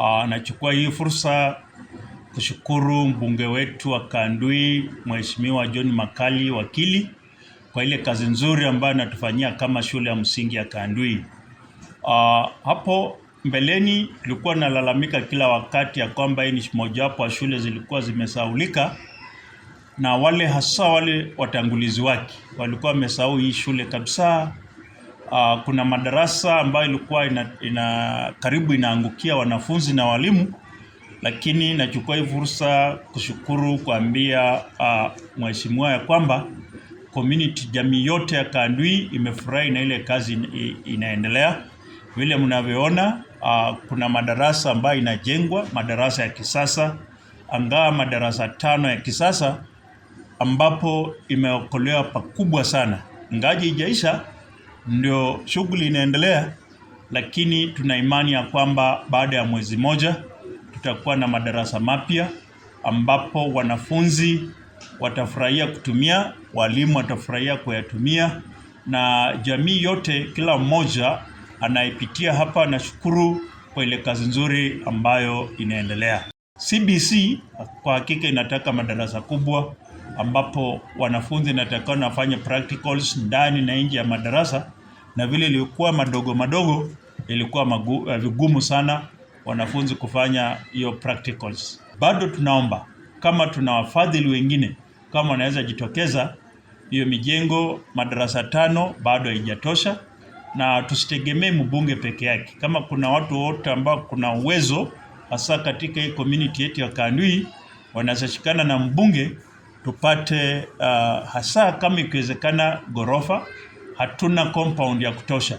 Aa, ah, nachukua hii fursa kushukuru mbunge wetu wa Kandui Mheshimiwa John Makali wakili kwa ile kazi nzuri ambayo anatufanyia kama shule ya msingi ya Kandui. Aa, ah, hapo mbeleni ilikuwa nalalamika kila wakati ya kwamba hii ni mojawapo wa shule zilikuwa zimesaulika na wale hasa wale watangulizi wake walikuwa wamesahau hii shule kabisa uh, kuna madarasa ambayo ilikuwa ina, ina karibu inaangukia wanafunzi na walimu, lakini nachukua hii fursa kushukuru kuambia uh, mheshimiwa ya kwamba community jamii yote ya Kandui imefurahi na ile kazi inaendelea. Vile mnavyoona uh, kuna madarasa ambayo inajengwa, madarasa ya kisasa angaa madarasa tano ya kisasa ambapo imeokolewa pakubwa sana, ngaji ijaisha ndio shughuli inaendelea, lakini tuna imani ya kwamba baada ya mwezi moja tutakuwa na madarasa mapya ambapo wanafunzi watafurahia kutumia, walimu watafurahia kuyatumia, na jamii yote, kila mmoja anayepitia hapa nashukuru kwa ile kazi nzuri ambayo inaendelea. CBC kwa hakika inataka madarasa kubwa ambapo wanafunzi natakiwa nafanya practicals ndani na nje ya madarasa na vile ilikuwa madogo madogo, ilikuwa magu, eh, vigumu sana wanafunzi kufanya hiyo practicals. Bado tunaomba kama tuna wafadhili wengine, kama wanaweza jitokeza. Hiyo mijengo madarasa tano bado haijatosha, na tusitegemee mbunge peke yake. Kama kuna watu wote ambao kuna uwezo hasa katika hii community yetu ya Kandui wanaweza shikana na mbunge tupate uh, hasa kama ikiwezekana ghorofa hatuna compound ya kutosha.